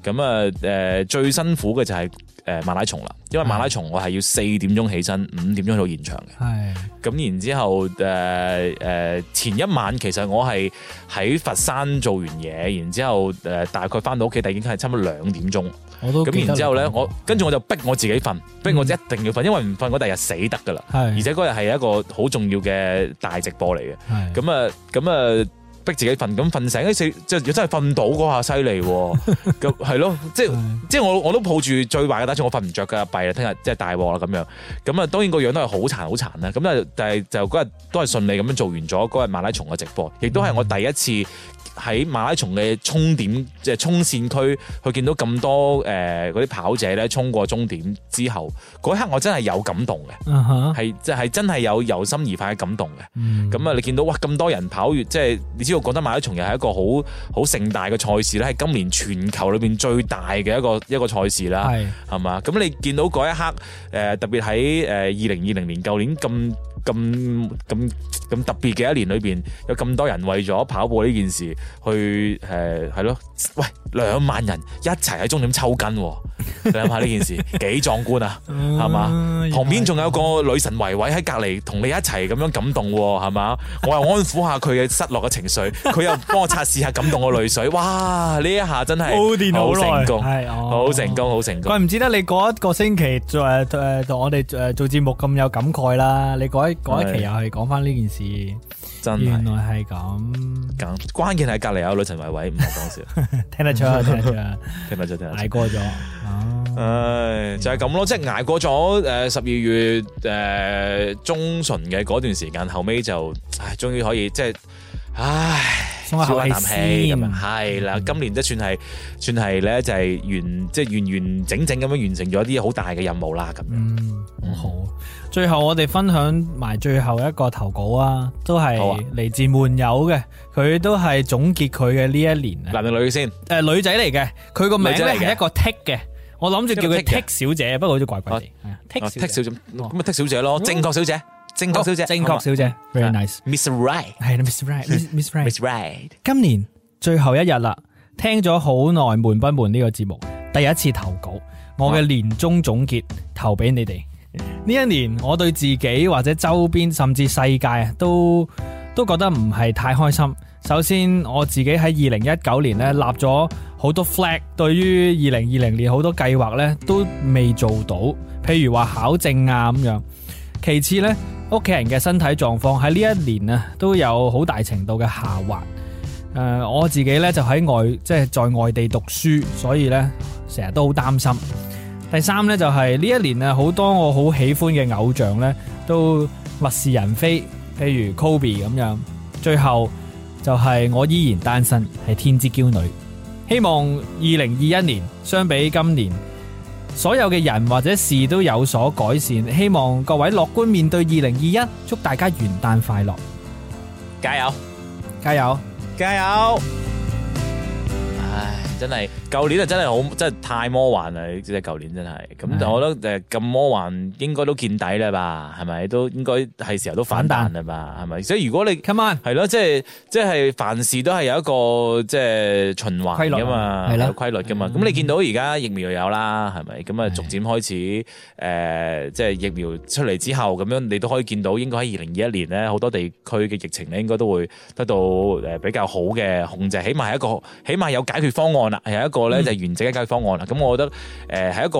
咁啊，誒、呃，最辛苦嘅就係、是、誒、呃、馬拉松啦，因為馬拉松我係要四點鐘起身，五點鐘到現場嘅。係是的。咁然之後誒誒，前一晚其實我係喺佛山做完嘢，然之後誒、呃、大概翻到屋企，第已日係差唔多兩點鐘。咁然之後咧，我是的 跟住我就逼我自己瞓，逼我一定要瞓，因為唔瞓我第日死得噶啦。是的 而且嗰日係一個好重要嘅大直播嚟嘅。咁啊，咁啊。逼自己瞓，咁瞓醒啲即係真係瞓到嗰下犀利、啊，咁係 咯，即係 即係我我都抱住最壞嘅打算，我瞓唔着嘅弊啦，聽日即係大禍啦咁樣，咁啊，當然個樣都係好殘好殘啦，咁啊但係就嗰、是、日都係順利咁樣做完咗嗰日馬拉松嘅直播，亦都係我第一次。喺馬拉松嘅衝點即係衝線區，佢見到咁多誒嗰啲跑者咧衝過終點之後，嗰一刻我真係有感動嘅，係即係真係有由心而發嘅感動嘅。咁啊，你見到哇咁多人跑完，即係你知道覺得馬拉松又係一個好好盛大嘅賽事咧，係今年全球裏邊最大嘅一個一個賽事啦，係係嘛？咁你見到嗰一刻誒、呃，特別喺誒二零二零年舊年咁。咁咁咁特別嘅一年裏邊，有咁多人為咗跑步呢件事去誒，係咯。呃喂，兩萬人一齊喺終點抽筋，你諗下呢件事幾壯觀啊，係嘛？旁邊仲有個女神維維喺隔籬同你一齊咁樣感動，係嘛？我又安撫下佢嘅失落嘅情緒，佢又幫我擦拭下感動嘅淚水，哇！呢一下真係好成功，係，好成功，好成功。喂，唔知得你嗰一個星期做誒誒同我哋誒做節目咁有感慨啦，你嗰一一期又係講翻呢件事。原來係咁咁。關鍵係隔離有女陳慧慧，唔好講笑聽，聽得出 聽得出，聽得出啊。 捱過咗唉，就係咁咯，即係捱過咗誒十二月誒、呃、中旬嘅嗰段時間，後尾就唉，終於可以即係、就係、唉。消下啖氣咁樣，係啦。今年都算係，算係咧，就係完，即係完完整整咁樣完成咗啲好大嘅任務啦。咁樣，嗯，好。最後我哋分享埋最後一個投稿啊，都係嚟自悶友嘅，佢都係總結佢嘅呢一年啊。男定女嘅先？誒，女仔嚟嘅，佢個名咧係一個剔嘅，我諗住叫佢剔小姐，不過好似怪怪哋。剔剔小姐，咁咪剔小姐咯，正確小姐。正確小姐，哦、正確小姐吧，very nice Miss Right 係 Miss Right，Miss Right，Miss Right。 Ride, 今年最後一日啦，聽咗好耐，悶不悶呢，這個節目。第一次投稿，我嘅年終總結投俾你哋呢哇一年。我對自己或者周邊，甚至世界都都覺得唔係太開心。首先，我自己喺二零一九年咧立咗好多 flag，對於二零二零年好多計劃咧都未做到，譬如話考證啊咁樣。其次咧。屋企人嘅身體狀況喺呢一年啊，都有好大程度嘅下滑。誒，uh，我自己咧就喺外，即係在外地讀書，所以咧成日都好擔心。第三咧就係呢一年啊，好多我好喜歡嘅偶像咧都物是人非，譬如 Kobe 咁樣。最後就係我依然單身，係天之驕女。希望二零二一年相比今年，所有嘅人或者事都有所改善，希望各位樂觀面對二零二一，祝大家元旦快樂，加油，加油，加油！真係，舊年啊真係好，真係太魔幻啦！即係舊年真係，咁但係我覺得誒，咁魔幻應該都見底啦吧？係咪都應該係時候都反彈啦吧？係咪？所以如果你係咯 Come on.，即係即係凡事都係有一個即係循環噶嘛，係啦、啊，規律噶嘛。咁的你見到而家疫苗有啦，係咪？咁啊，逐漸開始誒是的、呃，即係疫苗出嚟之後，咁樣你都可以見到，應該喺二零二一年咧，好多地區嘅疫情咧，應該都會得到誒比較好嘅控制，起碼係一個，起碼有解決方案。係一個咧就係完整嘅解決方案啦，咁我覺得誒係一個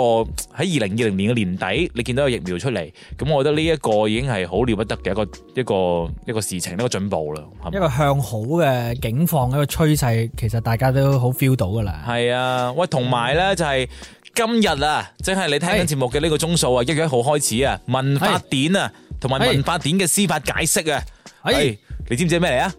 喺二零二零年嘅年底，你見到個疫苗出嚟，咁我覺得呢一個已經係好了不得嘅一個一個一個事情，一個進步啦，一個向好嘅景況，一個趨勢，其實大家都好 feel 到噶啦。係啊，喂，同埋咧就係今日啊，即係你聽緊節目嘅呢個鐘數啊，一月一號開始啊，文法典啊，同埋文法典嘅司法解釋啊，誒，你知唔知咩嚟啊？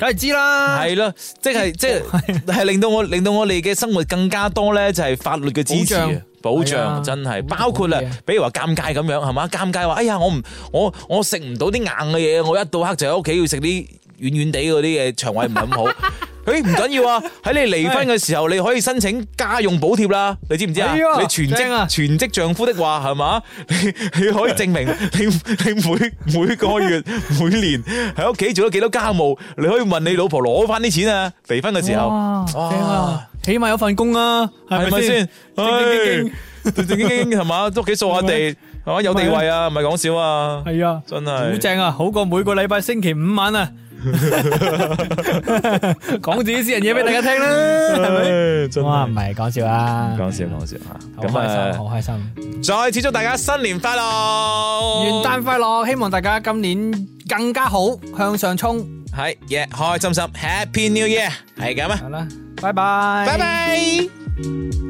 梗係知啦，係咯，即係即係係令到我令到我哋嘅生活更加多咧，就係、是、法律嘅支持保障，真係包括啊，的比如話尷尬咁樣係嘛，尷尬話哎呀，我唔我我食唔到啲硬嘅嘢，我一到黑就喺屋企要食啲軟軟地嗰啲嘅，腸胃唔係咁好。 誒，唔緊要啊！喺你離婚嘅時候，你可以申請家用補貼啦。你知唔知啊？你全職啊，全職丈夫的話係嘛？你你可以證明你你每每個月每年喺屋企做咗幾多家務，你可以問你老婆攞翻啲錢啊！離婚嘅時候，哇，起碼有份工啊，係咪先？正正經經係嘛？屋企掃下地，係嘛？有地位啊，唔係講笑啊。係啊，真係好正啊，好過每個禮拜星期五晚啊！講自己私人嘢俾大家聽啦，我話唔係講笑啦，講笑講笑吓，好開心好開心，再次祝大家新年快樂，元旦快樂，希望大家今年更加好，向上衝，係，耶，開心心，Happy New Year，係咁啊，好啦，拜拜，拜拜。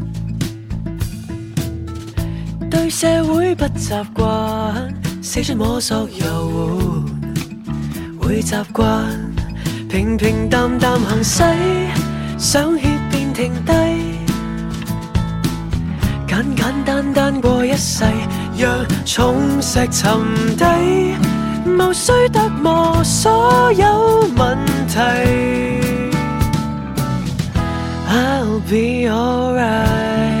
對社會不習慣，四處摸索遊玩，會習慣平平淡淡行駛，想歇便停低，簡簡單單過一世，讓重石沉底，無需突磨所有問題。I'll be alright。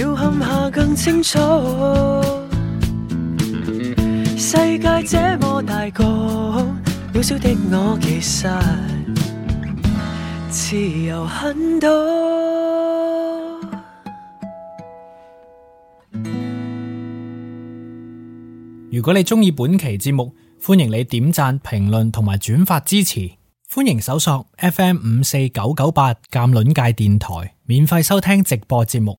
要陷下更清楚，世界這麼大個渺小的我，其實自由很多。如果你鍾意本期節目，歡迎你點讚、評論同埋轉發支持。歡迎搜索 FM 五四九九八鑑論界電台，免費收聽直播節目。